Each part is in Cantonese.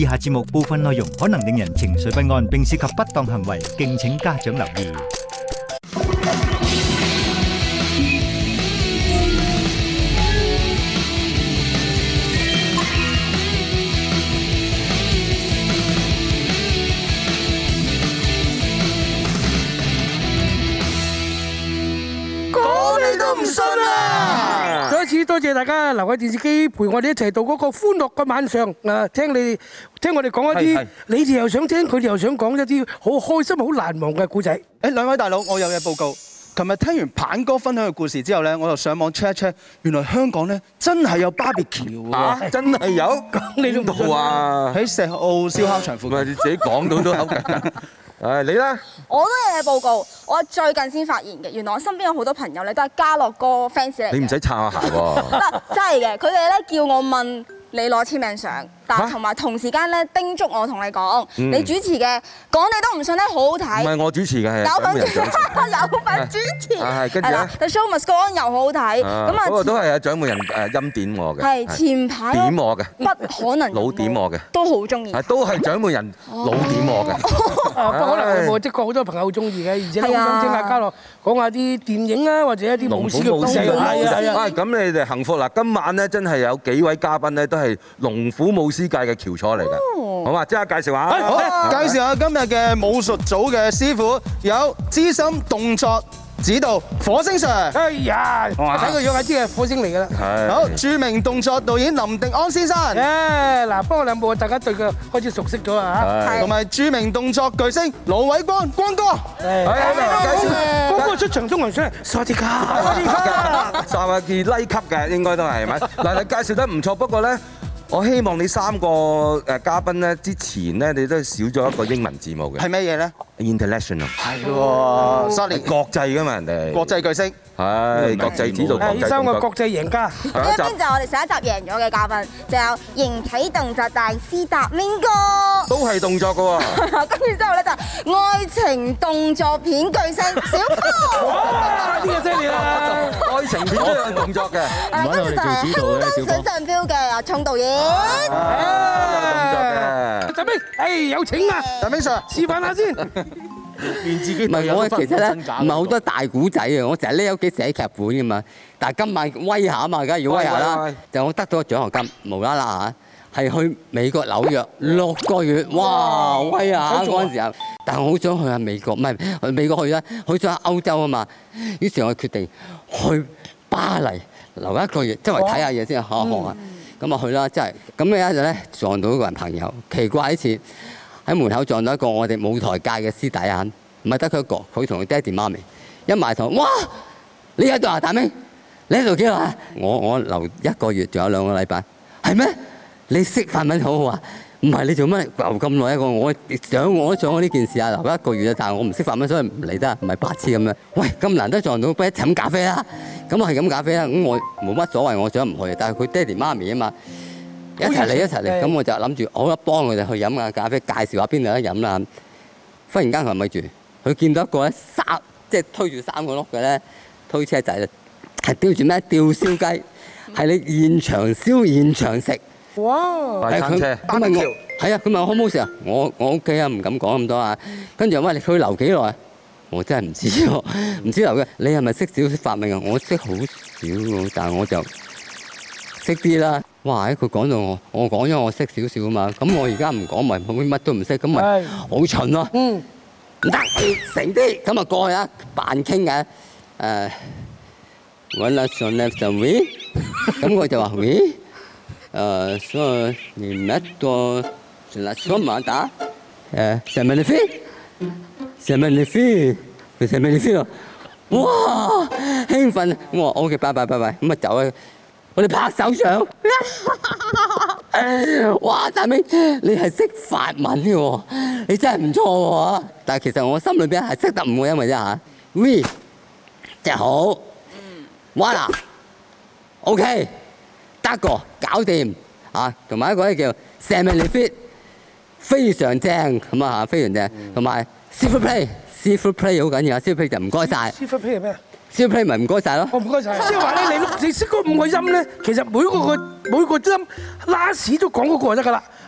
以下節目部分內容可能令人情緒不安，並涉及不當行為，敬請家長留意。多謝大家留喺電視機陪我哋一齊度嗰個歡樂嘅晚上，誒聽你聽我哋講一啲，你哋又想聽，佢哋又想講一啲好開心、好難忘嘅故仔。誒、哎、兩位大佬，我有嘢報告。琴日聽完鵬哥分享嘅故事之後咧，我就上網 check 一 check，原來香港咧真係有芭比橋，真係有，啊啊、有，講 你都冇錯啊！喺石澳燒烤場附近，你自己講到都～你呢？我都有嘢報告，我最近先發現嘅，原來我身邊有好多朋友你都係嘉樂哥 fans 你唔使擦下鞋喎、啊 的，真係嘅，佢哋呢叫我問你攞簽名相。同埋同時間咧，叮囑我同你講，你主持嘅講你都唔信咧，好好睇。唔係我主持嘅，有品主持，有品主持。係啦 t h Show Must 又好好睇。咁啊，都係啊，掌門人誒，音點我嘅。係前排點我嘅，不可能老點我嘅，都好中意。都係掌門人老點我嘅，不可能我即刻好多朋友好中意嘅，而家都想請下啲電影啊，或者一啲武師咁你哋幸福嗱，今晚咧真係有幾位嘉賓咧都係龍虎武世界嘅翹楚嚟嘅，好嘛？即刻介紹下啊！好，介紹下今日嘅武術組嘅師傅，有資深動作指導火星 Sir。哎呀，睇佢樣係真係火星嚟噶啦。係。好，著名動作導演林迪安先生。誒，嗱，不過兩部大家對佢開始熟悉咗啊。係。同埋著名動作巨星盧惠光光哥。誒，好，介紹。光哥出場中文出嚟，三級卡，三級嘅，三級拉級嘅，應該都係，係咪？嗱，你介紹得唔錯，不過咧。我希望你三個誒嘉賓咧之前咧，你都少咗一個英文字母嘅。係咩嘢咧？International 係喎，哎、呦，sorry 係國際噶嘛人哋。國際巨星係、哎、國際指導。哎、三個國際贏家。呢一,一邊就係我哋上一集贏咗嘅嘉賓，就有形體動作大師達明哥。都係動作嘅喎，跟住之後咧就愛情動作片巨星小方，哇！啲嘢犀利啦，愛情片都係動作嘅，阿 Sir，好真實 feel 嘅，阿聰導演，係動作嘅。大兵，哎有錢啊！大兵 Sir，示範下先，連自己都有分真假。唔係好多大古仔啊！我成日匿喺屋企寫劇本嘅嘛，但係今晚威下啊嘛，梗係要威下啦。就我得到獎學金，無啦啦嚇。係去美國紐約六個月，哇威啊！嗰陣、啊、時候，但係我好想去下美國，唔係美國去啦，好想去歐洲啊嘛。於是我就決定去巴黎留一個月，周圍睇下嘢先好，好，嚇。咁啊去啦，即係咁咧一日咧撞到一個人朋友，奇怪一次喺門口撞到一個我哋舞台界嘅師弟啊，唔係得佢一個，佢同佢爹哋媽咪一埋頭，哇！你喺度啊，達明，你喺度幾耐啊？我我留一個月，仲有兩個禮拜，係咩？你識法文好好啊！唔係你做咩？留咁耐一個？我想我想我呢件事啊，留一個月啊，但係我唔識法文，所以唔嚟得唔係白痴咁樣。喂，咁難得撞到，不如飲咖啡啦。咁、嗯、我係飲咖啡啦，咁我冇乜所謂，我想唔去。但係佢爹哋媽咪啊嘛，一齊嚟一齊嚟。咁、嗯、我就諗住我一幫佢哋去飲下咖啡，介紹下邊度得飲啦。忽然間佢咪住，佢見到一個咧三即係推住三個轆嘅咧推車仔，係吊住咩吊燒雞，係 你現場燒現場食。哇！擺攤車，單橋，係啊！佢問我好唔好食啊？我我 OK 啊，唔敢講咁多啊。跟住話喂，佢留幾耐？我真係唔知喎，唔知留嘅。你係咪識少少法文啊？我識好少喎，但係我就識啲啦。哇！誒，佢講到我，我講咗我識少少啊嘛。咁我而家唔講咪，會乜都唔識，咁咪好蠢咯。嗯，唔得，成啲咁啊，過去啊，扮傾嘅。誒，我咧做咩做唔起？咁我就話唔起。誒，所以你一到全嘢收埋咗，誒，傷埋你肺，傷埋你肺，佢傷埋你肺哇，興奮啊！我 OK，拜拜拜拜，咁啊走啊！我哋拍手掌。哇！達明，你係識法文嘅喎，你真係唔錯喎，啊。但係其實我心裏邊係識得五個音嘅啫嚇。w、啊、好。嗯。OK 得個搞掂嚇，同埋一個咧叫 Sammy Lafitte，非常正咁啊嚇，非常正。同埋 Super Play，Super Play 好緊要啊，Super Play 就唔該曬。Super Play 係咩啊？Super Play 咪唔該曬咯。我，唔該曬。即係話咧，你你識嗰五個音咧，其實每個個每個音拉屎都講過個就得㗎啦。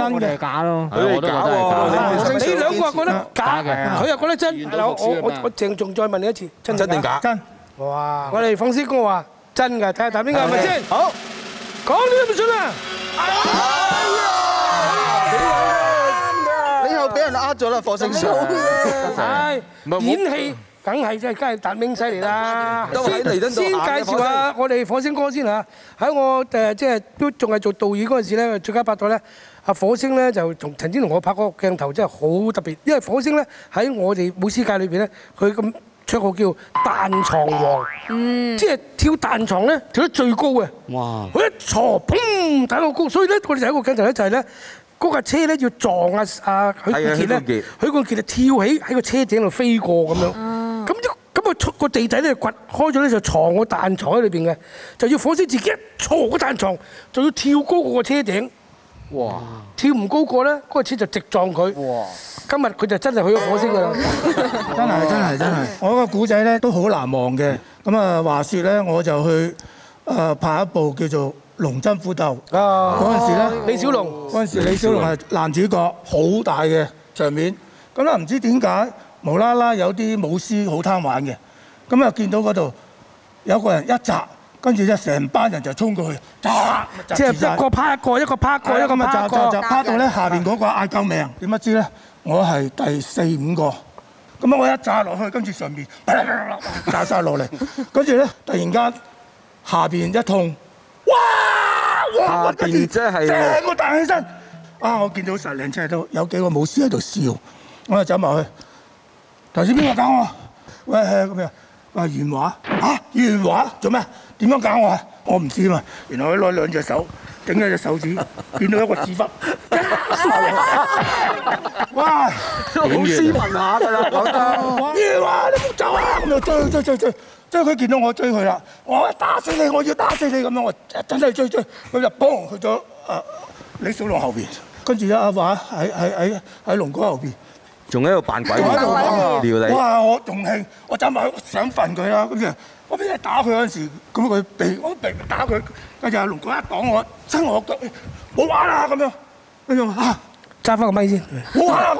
真嘅，假咯，佢哋假喎。你你兩個覺得假嘅，佢又覺得真。我我我我鄭重再問你一次，真真定假？真。哇！我哋火星哥話真嘅，睇下達明係咪先？好，講啲都唔出啦。你又俾人呃咗啦，火星哥。演戲梗係即係達明犀利啦。先介紹下我哋火星哥先吓，喺我誒即係都仲係做導演嗰陣時咧，最佳拍檔咧。啊火星咧就曾經同我拍嗰個鏡頭真係好特別，因為火星咧喺我哋武師界裏邊咧，佢嘅綽號叫彈床王，嗯、即係跳彈床咧跳得最高嘅。哇！佢一坐，砰，彈到好高，所以咧我哋就有一個鏡頭咧，就是，就係咧嗰架車咧要撞阿阿許冠傑咧，許冠傑就跳起喺個車頂度飛過咁哇 樣，咁咁佢出個地底咧掘開咗呢座牀個彈床喺裏邊嘅，就要火星自己一坐個彈床，就要跳高個車頂。哇！跳唔高過咧，嗰個車就直撞佢。哇！今日佢就真係去咗火星㗎啦！真係真係真係！我個古仔咧都好難忘嘅。咁啊，話説咧，我就去誒拍一部叫做《龍爭虎鬥》。啊！嗰陣時咧，李小龍嗰陣時，李小龍係男主角，好大嘅場面。咁咧，唔知點解無啦啦有啲武師好貪玩嘅，咁啊見到嗰度有個人一扎。跟住咧，成班人就衝過去，炸，即係一個趴一個，一個趴過一個趴過，咁啊炸，炸到咧下邊嗰個嗌救命，點乜知咧？我係第四五個，咁啊我一炸落去，跟住上邊 炸晒落嚟，跟住咧突然間下邊一痛，哇！下邊即係，即係我彈起身，啊，就是、啊我見到十零尺度有幾個武師喺度笑，我就走埋去，頭先邊個打我？喂，咁啊，喂元華元華，啊，元華做咩？點樣搞我啊？我唔知啊嘛。然後佢攞兩隻手，整咗隻手指，變到一個紙筆。哇！好斯文下㗎啦，講得。屌啊！你唔好走啊！我又追追追追，追佢見到我追佢啦。我打死你！我要打死你！咁樣我真真追追，佢就幫去咗阿李小龍後邊，跟住阿阿華喺喺喺喺龍哥後邊，仲喺度扮鬼。屌你！哇！我仲興，我真係想瞓佢啦。跟住。咩打佢嗰陣時，咁佢鼻我鼻打佢，跟住阿龍哥一擋我，親我腳，冇玩啦咁樣。跟住話啊，揸翻個咪先？冇玩，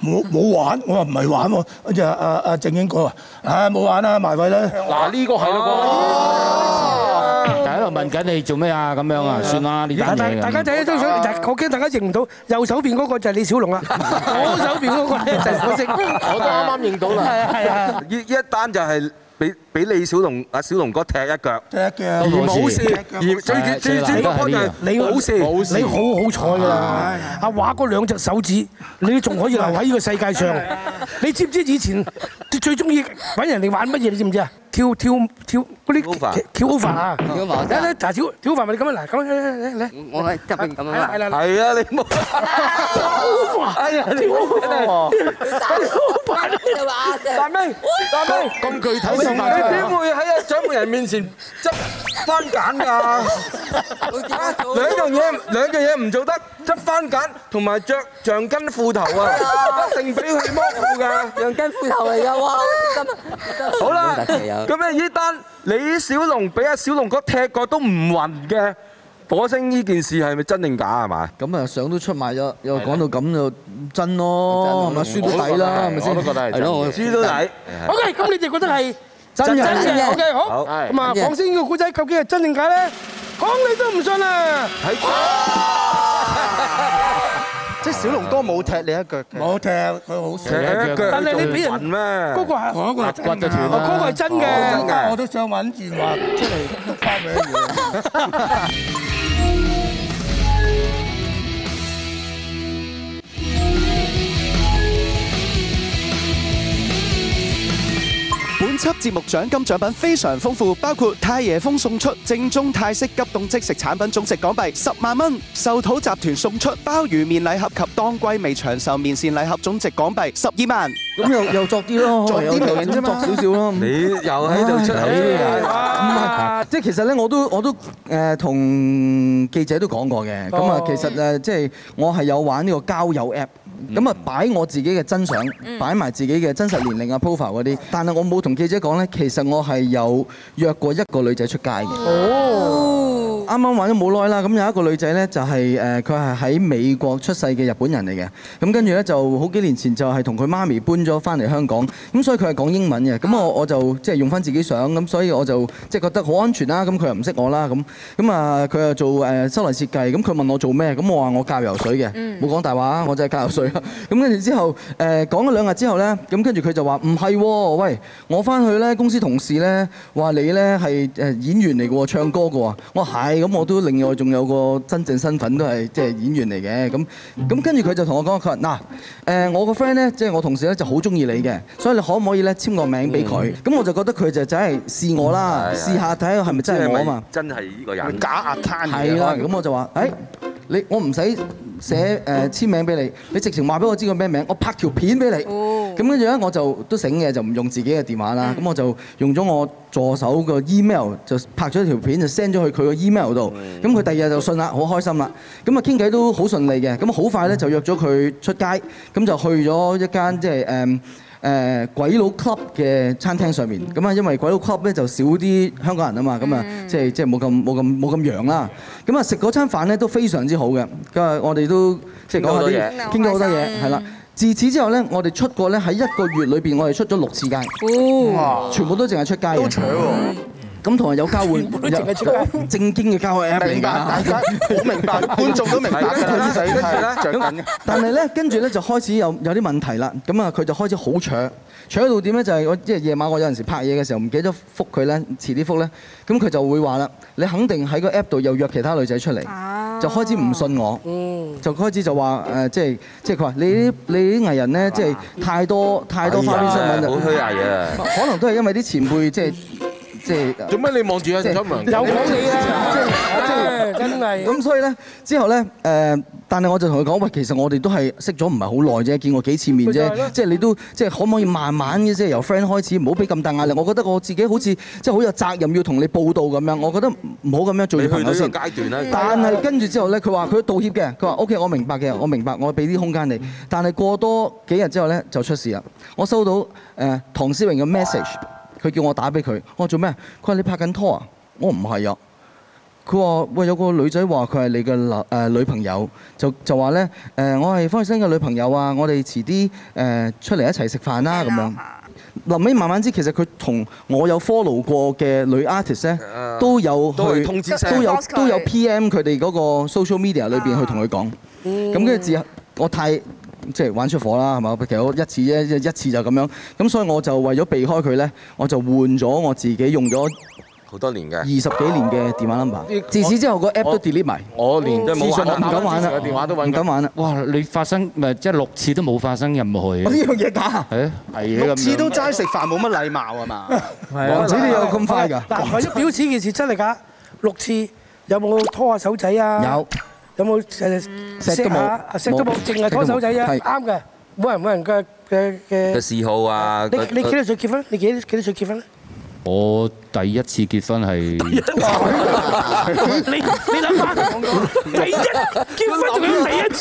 冇冇玩，我話唔係玩喎。跟住阿阿阿鄭英哥話，唉，冇玩啦，埋位啦。嗱，呢個係啊。大家喺度問緊你做咩啊？咁樣啊，算啦，你單人。大家仔都想，我驚大家認唔到。右手邊嗰個就係李小龍啦，左手邊嗰個就我識，我都啱啱認到啦。係啊係啊，呢一單就係俾。俾李小龍阿小龍哥踢一腳，踢一腳，而冇事，而最最最關鍵係你冇事，你好好彩啊！阿華哥兩隻手指，你仲可以留喺呢個世界上，你知唔知以前最中意揾人哋玩乜嘢？你知唔知啊？跳跳跳嗰啲跳跳凡啊！跳凡，嚟嚟嚟跳跳凡嘛！你咁啊嚟，咁嚟嚟嚟嚟，我喺入邊，係啊，係啊，係啊，你冇凡，哎呀，跳凡啊！大妹，大妹，咁具體上嚟。點會喺阿掌門人面前執番簡㗎？兩樣嘢，兩樣嘢唔做得執番簡，同埋著橡筋褲頭啊！成 pair 魔褲㗎，橡筋褲頭嚟㗎喎。好啦，咁咩呢單李小龍俾阿小龍哥踢過都唔暈嘅火星呢件事係咪真定假係嘛？咁啊相都出埋咗，又講到咁就真咯，輸都抵啦，係咪先？係咯，輸都抵。OK，咁你哋覺得係？真嘅，OK，好。咁啊，講先呢個古仔究竟係真定假咧？講你都唔信啊！即係小龍哥冇踢你一腳嘅，冇踢，佢好。踢一腳，但係你俾人咩？嗰個係講，嗰個係真嘅。嗰個係真嘅。我都想揾電話出嚟，翻俾你。節目獎金獎品非常豐富，包括泰爺豐送出正宗泰式急凍即食產品總值港幣十萬蚊，壽土集團送出鮑魚麵禮盒及當歸味長壽麵線禮盒總值港幣十二萬。咁又又作啲咯，作啲導演都作少少咯。你又喺度出嚟啊？即係其實咧，我都我都誒同記者都講過嘅。咁啊，其實誒即係我係有玩呢個交友 App。咁啊，擺、嗯、我自己嘅真相，擺埋、嗯、自己嘅真實年齡啊，profile 嗰啲。但係我冇同記者講咧，其實我係有約過一個女仔出街嘅。哦。哦。啱啱玩咗冇耐啦，咁有一個女仔咧、就是，就係誒佢係喺美國出世嘅日本人嚟嘅，咁跟住咧就好幾年前就係同佢媽咪搬咗翻嚟香港，咁所以佢係講英文嘅，咁、啊、我我就即係用翻自己相，咁所以我就即係覺得好安全啦，咁佢又唔識我啦，咁咁啊佢又做誒室內設計，咁、呃、佢問我做咩，咁我話我教游水嘅，冇講大話啊，我真係教游水，咁跟住之後誒講咗兩日之後咧，咁跟住佢就話唔係喎，喂我翻去咧公司同事咧話你咧係誒演員嚟嘅喎，唱歌嘅喎，我咁我都另外仲有一個真正身份都係即係演員嚟嘅，咁咁跟住佢、啊、就同、是、我講，佢話嗱，誒我個 friend 咧，即係我同事咧，就好中意你嘅，所以你可唔可以咧簽個名俾佢？咁、嗯、我就覺得佢就真係試我啦，嗯、試下睇下係咪真係我啊嘛，是是真係呢個人假 account 嘅，咁我就話誒、哎，你我唔使寫誒、呃、簽名俾你，你直情話俾我知個咩名，我拍條片俾你。哦。咁跟住咧，我就都醒嘅，就唔用自己嘅電話啦。咁、嗯、我就用咗我助手個 email，就拍咗條片，就 send 咗去佢個 email 度。咁佢第二日就信啦，好開心啦。咁啊傾偈都好順利嘅。咁好快咧就約咗佢出街，咁就去咗一間即係誒誒鬼佬 club 嘅餐廳上面。咁啊、嗯，因為鬼佬 club 咧就少啲香港人啊嘛，咁啊即係即係冇咁冇咁冇咁陽啦。咁啊食嗰餐飯咧都非常之好嘅，因為我哋都即係講下啲傾咗好多嘢，係啦。自此之後呢，我哋出國呢，喺一個月裏面，我哋出咗六次街，哇全部都淨係出街嘅。咁同人有交換，正經嘅交換 app 嚟噶，好明白，明白 觀眾都明白㗎啦。但係咧，跟住咧就開始有有啲問題啦。咁啊，佢就開始好 chur，chur 到點咧？就係、是、我即係夜晚我有陣時拍嘢嘅時候，唔記得覆佢咧，遲啲覆咧。咁佢就會話啦，你肯定喺個 app 度又約其他女仔出嚟，啊、就開始唔信我，就開始就話誒，即係即係佢話你你啲藝人咧，即、就、係、是、太多哇太多花邊新聞好虛假啊！哎、可能都係因為啲前輩即係。就是嗯做咩？就是、你望住啊！有講、就是、你啊！即係真係。咁所以咧，之後咧，誒、呃，但係我就同佢講，喂，其實我哋都係識咗唔係好耐啫，見過幾次面啫，即係你都，即係可唔可以慢慢嘅，即係由 friend 開始，唔好俾咁大壓力。我覺得我自己好似即係好有責任要同你報道咁樣，我覺得唔好咁樣做。你去咗階段啦。但係跟住之後咧，佢話佢道歉嘅，佢話 OK，我明白嘅，我明白，我俾啲空間你。 但係過多幾日之後咧，就出事啦。我收到誒、呃、唐思榮嘅 message。 佢叫我打俾佢，我話做咩？佢話你拍緊拖啊？我唔係啊。佢話，喂，有個女仔話佢係你嘅誒女朋友，就就話咧誒我係方力申嘅女朋友啊，我哋遲啲誒、呃、出嚟一齊食飯啦、啊、咁樣。臨尾慢慢知，其實佢同我有 follow 過嘅女 artist 咧，都有去都通知都有都有 PM 佢哋嗰個 social media 裏邊、啊、去同佢講，咁跟住之後我太。即係玩出火啦，係嘛？其實我一次啫，一次就咁樣。咁所以我就為咗避開佢咧，我就換咗我自己用咗好多年嘅二十幾年嘅電話 number。自此之後，個 app 都 delete 埋。我連微信都唔敢玩啦，電話都唔敢玩啦。哇！你發生咪即係六次都冇發生任何嘢。呢樣嘢假？係啊，六次都齋食飯冇乜禮貌啊嘛。王子你有咁快㗎？但為咗表示件事真係㗎。六次有冇拖下手仔啊？有。有冇誒錫下？阿錫都冇，淨係拖手仔啊！啱嘅，每人每人嘅嘅嘅嗜好啊！你你幾多歲結婚？你幾幾多歲結婚？啊我第一次結婚係，你你諗下講嘅，你結婚仲要第一次，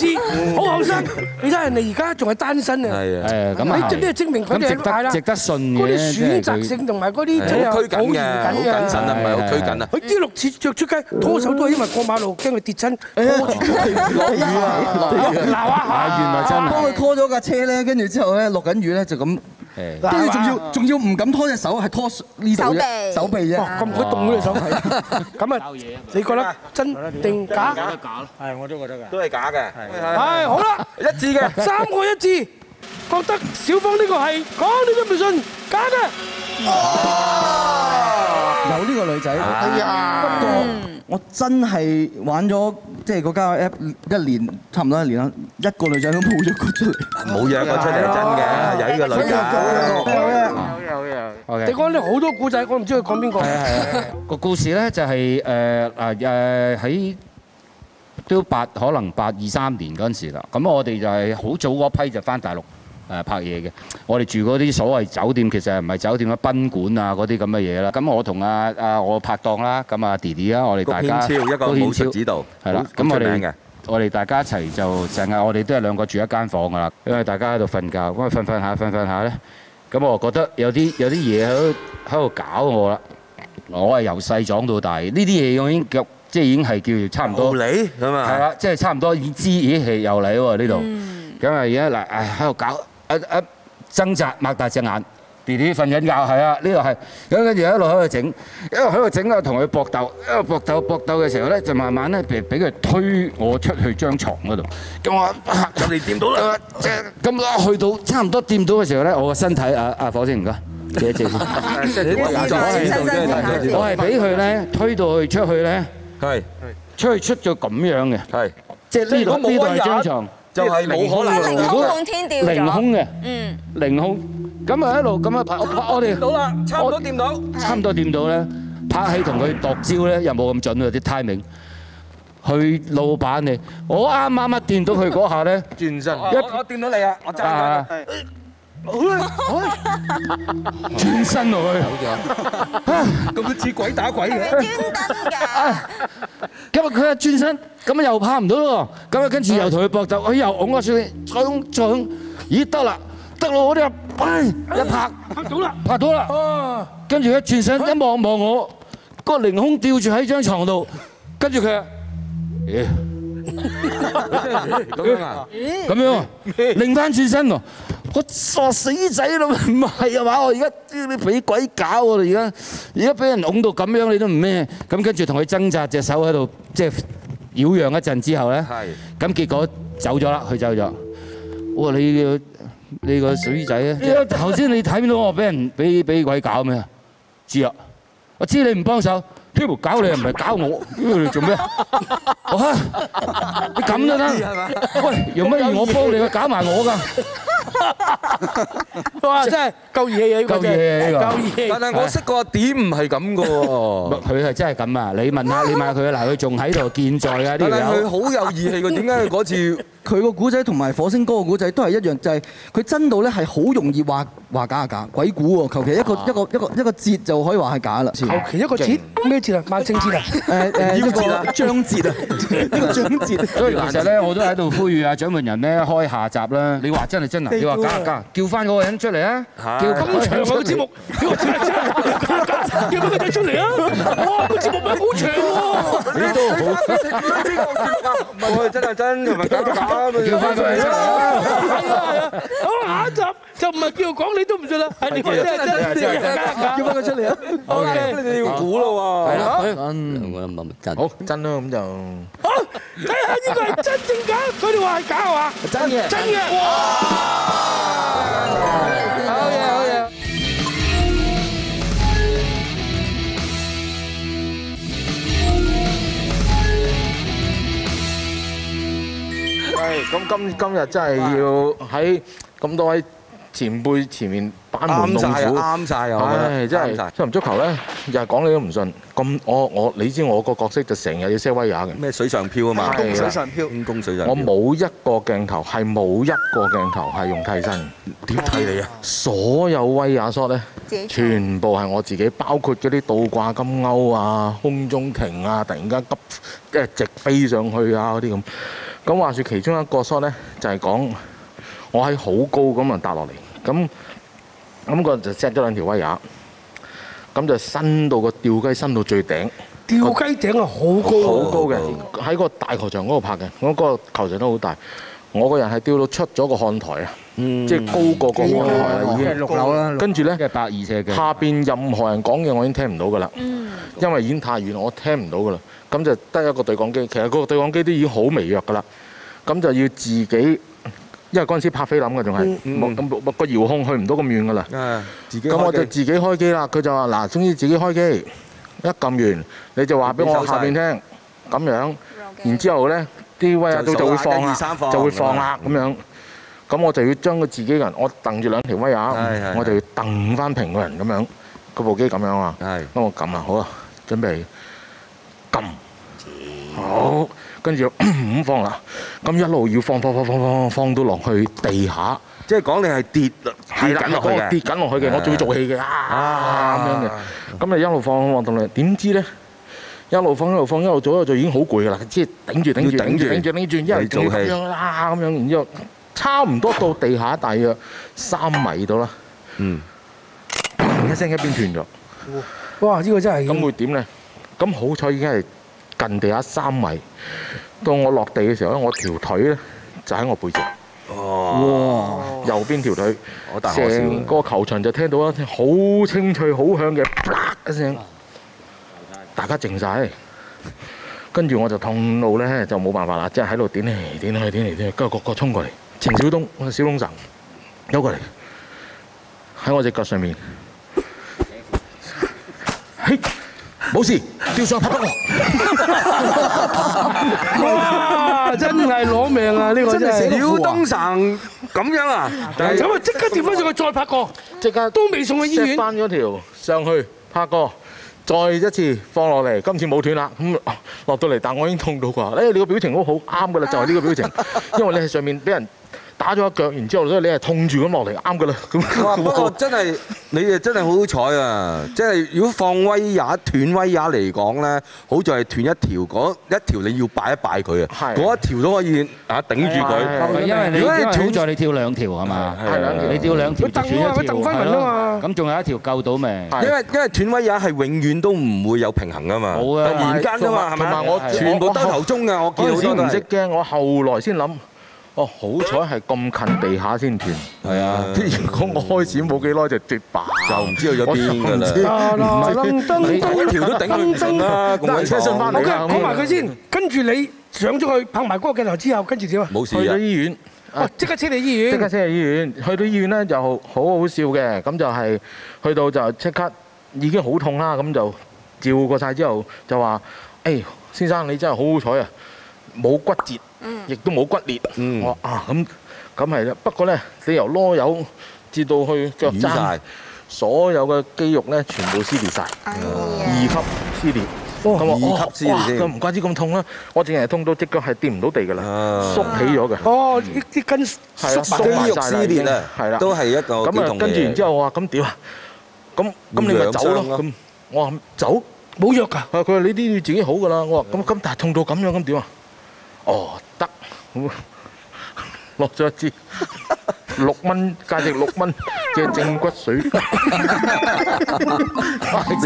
好開心。你睇下人哋而家仲係單身啊，係啊，咁啊，證明佢值值得信嘅，嗰啲選擇性同埋嗰啲真係好謹慎啊，唔係好拘謹啊。佢啲六次着出街拖手都係因為過馬路驚佢跌親，拖住落雨啊，嗱哇，下完咪真係，幫佢拖咗架車咧，跟住之後咧落緊雨咧就咁。都要仲要仲要唔敢拖隻手，係拖呢隻手手臂啊！咁鬼凍嗰隻手，咁啊！你覺得真定假？係我都覺得㗎，都係假嘅。係好啦，一致嘅三個一致，覺得小方呢個係講你都唔信假嘅。有呢個女仔，哎呀！不過我真係玩咗。即係嗰間 app 一年差唔多一年啦，一個女仔都冇約過出嚟，冇約過出嚟真嘅，有呢個女仔。有有有有。你講呢好多故仔，我唔知佢講邊個。個故事咧就係誒嗱誒喺都八可能八二三年嗰陣時啦，咁我哋就係好早嗰批就返大陸。誒拍嘢嘅，我哋住嗰啲所謂酒店，其實係唔係酒店嘅賓館啊，嗰啲咁嘅嘢啦。咁我同阿阿我拍檔啦，咁、啊、阿弟弟 d 啦，我哋大家超，一個牽超指導，係啦。咁沒了我哋我哋大家一齊就成日，我哋都係兩個住一間房㗎啦。因為大家喺度瞓覺，咁啊瞓瞓下，瞓瞓下咧，咁我覺得有啲有啲嘢喺度搞我啦。我係由細撞到大，呢啲嘢已經叫，即係已經係叫差唔多。嚟咁啦，即係、就是、差唔多已經知，咦又嚟喎呢度，咁啊而家嗱，喺度搞。啊啊！掙扎，擘大隻眼，弟弟瞓緊覺，係啊，呢個係咁跟住喺度喺度整，一路喺度整咧同佢搏鬥，一路搏鬥搏鬥嘅時候咧就慢慢咧俾俾佢推我出去張牀嗰度，叫我入嚟掂到啦，即係咁啦。去到差唔多掂到嘅時候咧，我個身體啊啊！火星唔該，謝謝。我係俾佢咧推到去出去咧，係出去出咗咁樣嘅，係即係呢度呢度係張牀。就係冇可能，如果凌空嘅，嗯，凌空，咁啊一路咁啊拍，我我哋到啦，差唔多掂到，差唔多掂到咧，拍起同佢度招咧又冇咁準啊啲 timing，佢老闆你，我啱啱一掂到佢嗰下咧，轉身，一我掂到你啊，我真係。轉身落去，咁好似鬼打鬼嘅，咁啊佢一轉身，咁啊又拍唔到咯，咁啊跟住又同佢搏鬥，佢又㧬我上，再㧬再㧬，咦得啦，得啦我哋一拍一拍，拍到啦，拍到啦，跟住一轉身一望望我，個凌空吊住喺張床度，跟住佢，咦，咁樣啊？咁樣啊？擰翻轉身咯。我傻死仔啦嘛，唔係啊嘛，我而家啲你俾鬼搞喎，而家而家俾人擁到咁樣，你都唔咩？咁跟住同佢掙扎隻手喺度，即係擾攘一陣之後咧，咁結果走咗啦，佢走咗。哇！你個你個水仔咧，頭先你睇到我俾人俾俾鬼搞咩啊？知啊，我知你唔幫手，屌！搞你又唔係搞我，你做咩？你咁都得？喂，又不如我幫你，我搞埋我㗎。 哇！真係夠義氣啊，這個！夠義氣啊，這個！夠義氣！但係我識個點唔係咁嘅喎。佢係真係咁啊！你問下，你問下佢啦，佢仲喺度健在㗎，啊。點解佢好有義氣嘅？點解佢嗰次？佢個古仔同埋火星哥個古仔都係一樣，就係佢真到咧係好容易話話假係假鬼故喎，求其一個一個一個一個節就可以話係假啦。求其一個節，咩節啊？萬聖節啊？誒誒，張節啊？張節啊？所以其實咧，我都喺度呼籲啊，掌門人咧開下集啦！你話真係真啊，你話假係假，叫返嗰個人出嚟啊！叫咁長個節目叫個節啊！叫嗰個仔出嚟啊！哇！個節目咪好長喎！呢度我識呢個真真真同咪假。叫翻佢出嚟啦！好，下一集就唔係叫佢講你都唔信啦，係你講啊！叫翻佢出嚟啊！OK，你哋要估啦喎。係咯，我諗冇乜真。好真啦，咁就好睇下呢個係真定假，佢哋話係假係嘛？真嘅，真嘅。咁今今日真係要喺咁多位前輩前面班門弄斧，啱曬又，啱曬又，唉，真係。咁足球咧，又係講你都唔信。咁我我你知我個角色就成日要 set 威亞嘅。咩水上漂啊嘛，攻水上漂，攻水上。我冇一個鏡頭係，冇一個鏡頭係用替身，點替你啊？所有威亞索咧，全部係我自己，包括嗰啲倒掛金鈎啊、空中停啊、突然間急即係直飛上去啊嗰啲咁。咁話説其中一個 shot 咧，就係、是，講我喺好高咁啊，搭落嚟，咁咁個就 set 咗兩條威吔，咁就伸到、個吊雞伸到最頂。吊雞頂啊，好高好高嘅，喺個大球場嗰度拍嘅，我、嗰個球場都好大。我個人係吊到出咗個看台啊，嗯、即係高過個看台已經。已經六樓啦，高樓跟住咧百二尺嘅，下面任何人講嘢，我已經聽唔到噶啦，嗯、因為已經太遠，我聽唔到噶啦。咁就得一個對講機，其實個對講機都已經好微弱噶啦。咁就要自己，因為嗰陣時拍飛諗嘅仲係，咁個、嗯嗯、遙控去唔到咁遠噶啦。咁、嗯、我就自己開機啦。佢就話：嗱，終於自己開機，一撳完你就話俾我下面聽，咁樣。然之後呢啲威亞都就會放就會放啦咁樣，咁我就要將佢自己人，我掟住兩條威亞，我就要掟翻平個人咁樣，個部機咁樣啊。幫我撳啊，好啊，準備撳好，跟住五放啦，咁一路要放放放放放放，放到落去地下，即係講你係跌跌緊落去嘅，跌緊落去嘅，我仲要做戲嘅，啊咁樣嘅，咁你一路放往動力，點知咧？一路放一路放一路做一路做，就已經好攰噶啦，即係頂住頂住頂住頂住，一路做咁樣啦咁樣，然之後差唔多到地下大約三米到啦，嗯，一聲一邊斷咗，哇！呢個真係咁會點咧？咁好彩已經係。近地下三米，到我落地嘅時候咧，我條腿咧就喺我背脊。哦哇，右邊條腿，成個球場就聽到啊，好清脆、好響嘅，啪一聲，大家靜晒。跟住我就痛到咧，就冇辦法啦，即係喺度點嚟點嚟點嚟點嚟，跟住個個衝過嚟。程小東，小東神，走過嚟，喺我隻腳上面。冇事，吊上拍過。哇！真係攞命啊！呢個真係吊燈咁樣啊！咁啊，即刻吊翻上去再拍過。即刻都未送去醫院。折翻嗰條上去拍過，再一次放落嚟，今次冇斷啦。咁落到嚟，但我已經痛到啩。誒，你個表情好好，啱㗎啦，就係呢個表情，因為你係上面俾人。打咗一腳，然之後咧你係痛住咁落嚟，啱噶啦。哇！不過真係你誒真係好好彩啊！即係如果放威也斷威也嚟講咧，好在係斷一條，嗰一條你要拜一拜佢啊。嗰一條都可以啊，頂住佢。因為你因為好在你跳兩條啊嘛？係兩條，你跳兩條。佢掟啊！佢啊嘛。咁仲有一條救到命？因為因為斷威也係永遠都唔會有平衡啊嘛。冇啊，唔緊啊嘛，係咪？我全部單頭中㗎，我幾到都係。唔識驚，我後來先諗。哦，好彩係咁近地下先斷，係啊！即係如果我開始冇幾耐就跌吧，就唔知道去咗邊㗎啦，啊。唔係是燈都燈條都頂開啦，但係我跟住跟住你上咗去拍埋嗰個鏡頭之後，跟住點啊？冇事啊，去咗醫院。喂不，即刻車嚟醫院。即刻車嚟醫院，去到醫院咧就好好笑嘅，咁就係、是、去到就即刻已經好痛啦，咁就照過曬之後就話：誒、哎、先生你真係好好彩啊，冇骨折。嗯，亦都冇骨裂。我啊咁咁係啦，不過咧你由攞油至到去腳踭，所有嘅肌肉咧全部撕裂曬，二級撕裂。咁啊，二級撕裂先。咁唔怪之咁痛啦，我淨係痛到隻腳係掂唔到地㗎啦，縮起咗嘅。哦，啲啲筋縮縮埋曬，撕裂啦，都係一個啲痛嘢。咁啊，跟住然之後我話咁點啊？咁咁你咪走咯。我話走冇藥㗎。佢話呢啲要自己好㗎啦。我話咁咁，但係痛到咁樣，咁點啊？哦，得，落咗一支六蚊，價值六蚊嘅正骨水。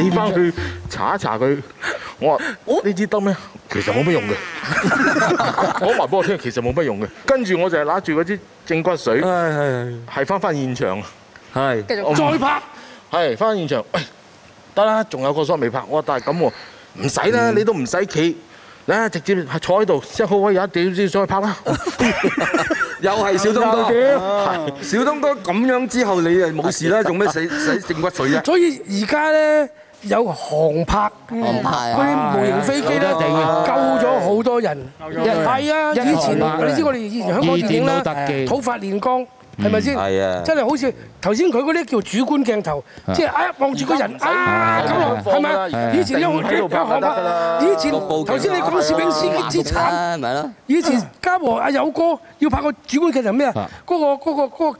你翻 去查一查佢，我話：呢支得咩？其實冇乜用嘅。講埋俾我聽，其實冇乜用嘅。跟住我就係攞住嗰支正骨水，係係係，係翻返現場啊！係， 繼續我再拍。係翻返現場，得、哎、啦，仲有個 shot 未拍。我、哦、話但係咁喎，唔使啦，嗯、你都唔使企。直接坐喺度，即係好威！ 又點先上去拍啦？又係小東哥， 小東哥咁樣之後你沒，你啊冇事啦，做咩使使剩骨水？所以而家呢，有航拍，嗰啲、嗯、模型飛機啊，了救咗好多人，係啊！以前你知道我哋以前香港電影啦、啊，《土法煉鋼》。係咪先？真係好似頭先佢嗰啲叫主觀鏡頭，即係啊望住個人啊咁落，係咪？以前咧佢而家學拍，以前頭先你講攝影師之之慘，以前嘉禾阿友哥要拍個主觀鏡頭咩啊？嗰個嗰個嗰個。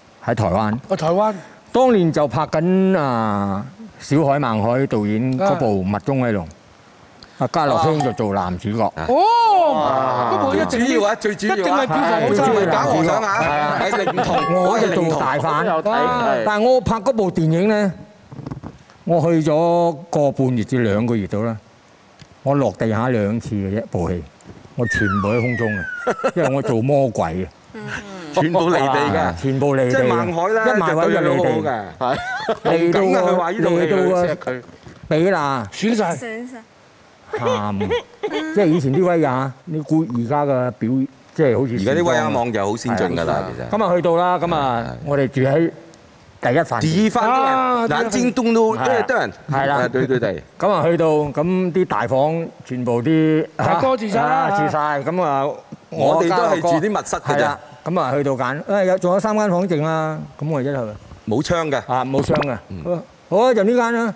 喺台灣，個台灣，當年就拍緊啊小海、孟海導演嗰部《密宗威龍》，阿家樂兄就做男主角。哦，嗰部一主要啊，最主要一定係票房好差啊，搞唔上眼。係啊，係靈童，我係靈童大反又得。但係我拍嗰部電影咧，我去咗個半月至兩個月度啦。我落地下兩次嘅，一部戲我全部喺空中嘅，因為我做魔鬼嘅。全部離地嘅，全部離地，一萬米入離地嘅，嚟到離到啊！佢畀啦，損曬，慘！即係以前啲威亞，你估而家嘅表，即係好似而家啲威亞網就好先進㗎啦。其實，今日去到啦，咁啊，我哋住喺第一份，第二份，嗱，京東都都人，係啦，對對地。咁啊，去到咁啲大房，全部啲大哥住曬啦，住曬。咁啊，我哋都係住啲密室㗎咋。咁啊，去到揀，誒有仲有三間房剩啦，咁我一係冇窗嘅，啊冇窗嘅，好啊，就呢間啦，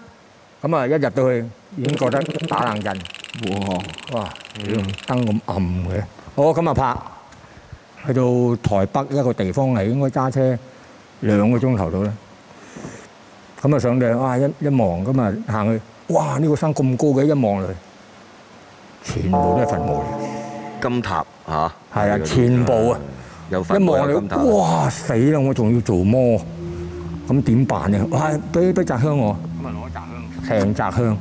咁啊一入到去已經覺得打冷震，冇汗，哇，燈咁暗嘅。好咁啊拍，去到台北一個地方嚟，應該揸車兩個鐘頭到啦，咁啊上釣，哇一一望咁啊行去，哇呢個山咁高嘅一望嚟，全部都係墳墓，金塔嚇，係啊全部啊。一望你，哇死啦！我仲要做魔，咁點辦啊？喂！俾俾紮香我，攞紮香，成紮香，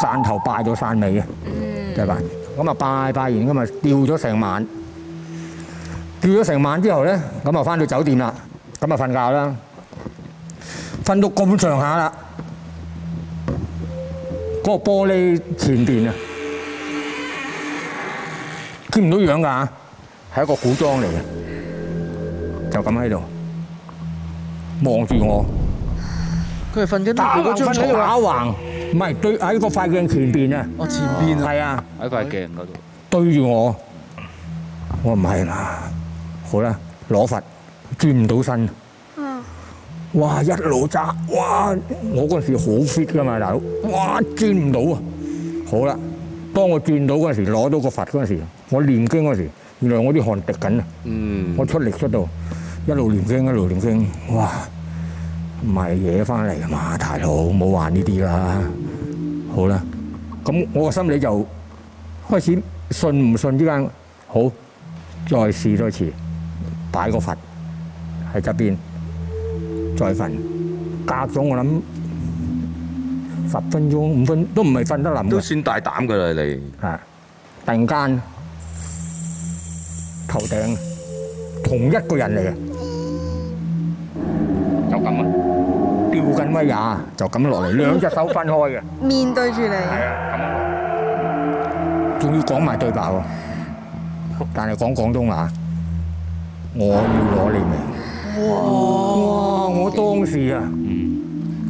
山頭拜咗山尾嘅，嗯、就係咁。咁啊拜拜完咁啊吊咗成晚，吊咗成晚之後咧，咁啊翻到酒店啦，咁啊瞓覺啦，瞓到咁上下啦，嗰、嗰個玻璃前面，啊，見唔到樣噶係一個古裝嚟嘅，就咁喺度望住我。佢係瞓緊喺嗰張床度。打橫，唔係對喺個塊鏡前邊啊！我前邊係啊，喺塊鏡嗰度對住我。我唔係啦，好啦，攞佛轉唔到身。嗯。哇！一路扎哇，我嗰陣時好 fit 噶嘛，大佬哇轉唔到啊！好啦，當我轉到嗰陣時，攞到個佛嗰陣時，我念經嗰陣時。原來我啲汗滴緊啊！我出力出到一路念經一路念經，哇！唔係嘢翻嚟啊嘛，大佬冇話呢啲啦。好啦，咁我個心理就開始信唔信之間，好再試多次，擺個佛喺側邊再瞓，隔咗我諗十分鐘五分都唔係瞓得腍。都先大膽噶啦，你啊突然間。頭頂，同一個人嚟嘅，就咁啊，吊緊威啊，就咁落嚟，兩隻手分開嘅，面對住你，係啊，咁樣，仲要講埋對白喎，但係講廣東話，我要攞你命，哇，我當時啊，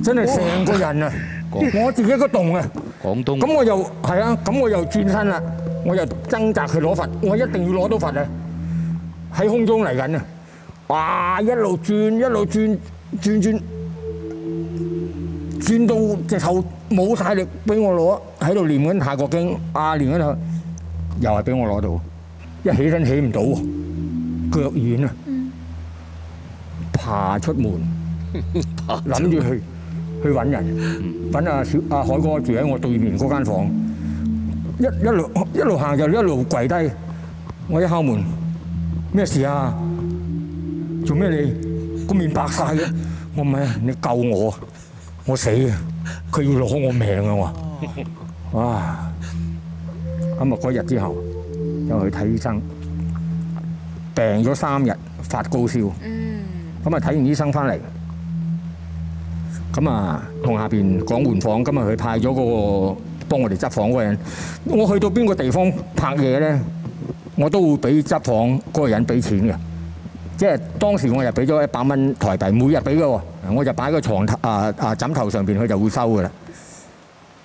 真係成個人啊，我自己一個洞啊，廣東，咁我又係啊，咁我又轉身啦，我又掙扎佢攞佛，我一定要攞到佛啊！喺空中嚟緊啊！哇，一路轉，一路轉，轉轉轉，轉到隻頭冇晒力，俾我攞喺度練緊《下角經》啊，啊練嗰又係俾我攞到，一起身起唔到喎，腳軟啊！嗯、爬出門，諗住 門去去揾人，揾阿、嗯啊、小阿海、啊、哥住喺我對面嗰間房，一一路一路行就一路跪低，我一敲門。咩事啊？做咩你個面白晒嘅？ 我唔係你救我，我死嘅，佢要攞我命啊！我。 哇！咁啊，嗰日之後又去睇醫生，病咗三日，發高燒。咁啊、嗯，睇完醫生翻嚟，咁啊同下邊講換房。今日佢派咗嗰個幫我哋執房嗰個人，我去到邊個地方拍嘢咧？我都會俾執房嗰個人俾錢嘅，即係當時我就俾咗一百蚊台幣，每日俾嘅喎，我就擺喺個牀頭啊啊枕頭上邊，佢就會收嘅啦。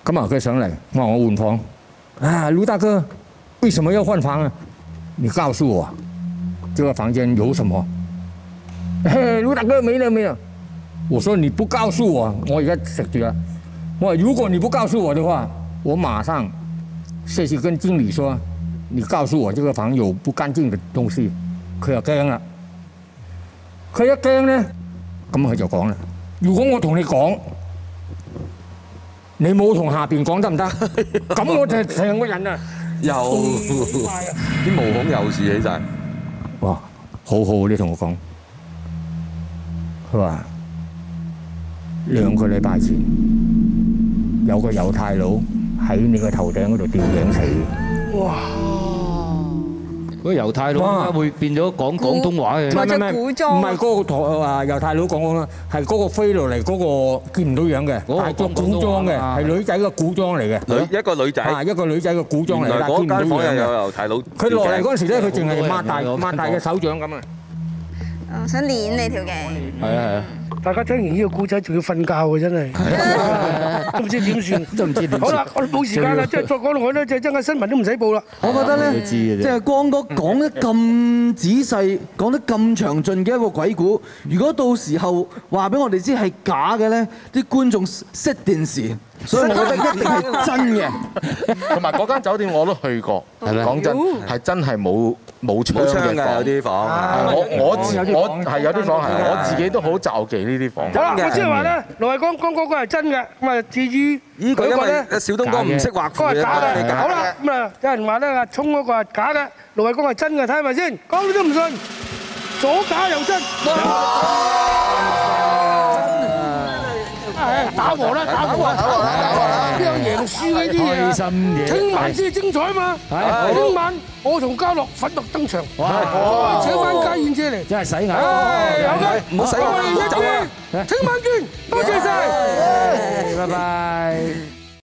咁啊，佢上嚟，我話我換房。啊，盧大哥，為什麼要換房啊？你告訴我，這個房間有什麼？嘿嘿，盧大哥，沒了沒有。我說你不告訴我，我而家食住啦。我如果你不告訴我的話，我馬上去去跟經理說。你告訴我這個房有不乾淨嘅東西，佢又驚啦。佢一驚咧，咁佢就講啦：如果我同你講，你冇同下邊講得唔得？咁 我就成個人啊！又啲有 毛孔又豎起晒。哇！好好你同我講。佢話兩個禮拜前，有個猶太佬喺你個頭頂嗰度吊頸死。哇！嗰個猶太佬啊，會變咗講廣東話嘅，你明唔明？唔係嗰個台話猶太佬講講啦，係嗰個飛落嚟嗰個見唔到樣嘅，大著古裝嘅，係女仔嘅古裝嚟嘅。女一個女仔啊，一個女仔嘅古裝嚟嘅。加完。嗰個猶太佬，佢落嚟嗰陣時咧，佢淨係擘大擘大嘅手掌咁啊！想捏你條頸。係啊係啊！大家聽完呢個故仔仲要瞓覺喎，真係都唔知點算，都唔知。好啦，我哋冇時間啦， 即係再講落去呢，即係真係新聞都唔使報啦。的我覺得呢，嗯、即係光哥講得咁仔細，講、嗯、得咁詳盡嘅一個鬼故，如果到時候話俾我哋知係假嘅呢，啲觀眾熄電視。所以我覺得一定係真嘅，同埋嗰間酒店我都去過，講真係真係冇冇窗嘅房，有啲房，我我我係有啲房係我自己都好就記呢啲房。好啦，我即係話咧，盧惠光講嗰個係真嘅，咁啊至於呢個咧，小東哥唔識話嗰個係假嘅。好啦，咁啊有人話咧阿聰嗰個係假嘅，盧惠光係真嘅，睇下係咪先？講你都唔信，左假右真。打和啦，打和，邊有贏輸呢啲嘢？聽晚先精彩啊嘛！聽晚我同家樂粉墨登場，請翻家燕姐嚟，真係洗眼。唔好洗我，聽晚見，多謝晒！拜拜。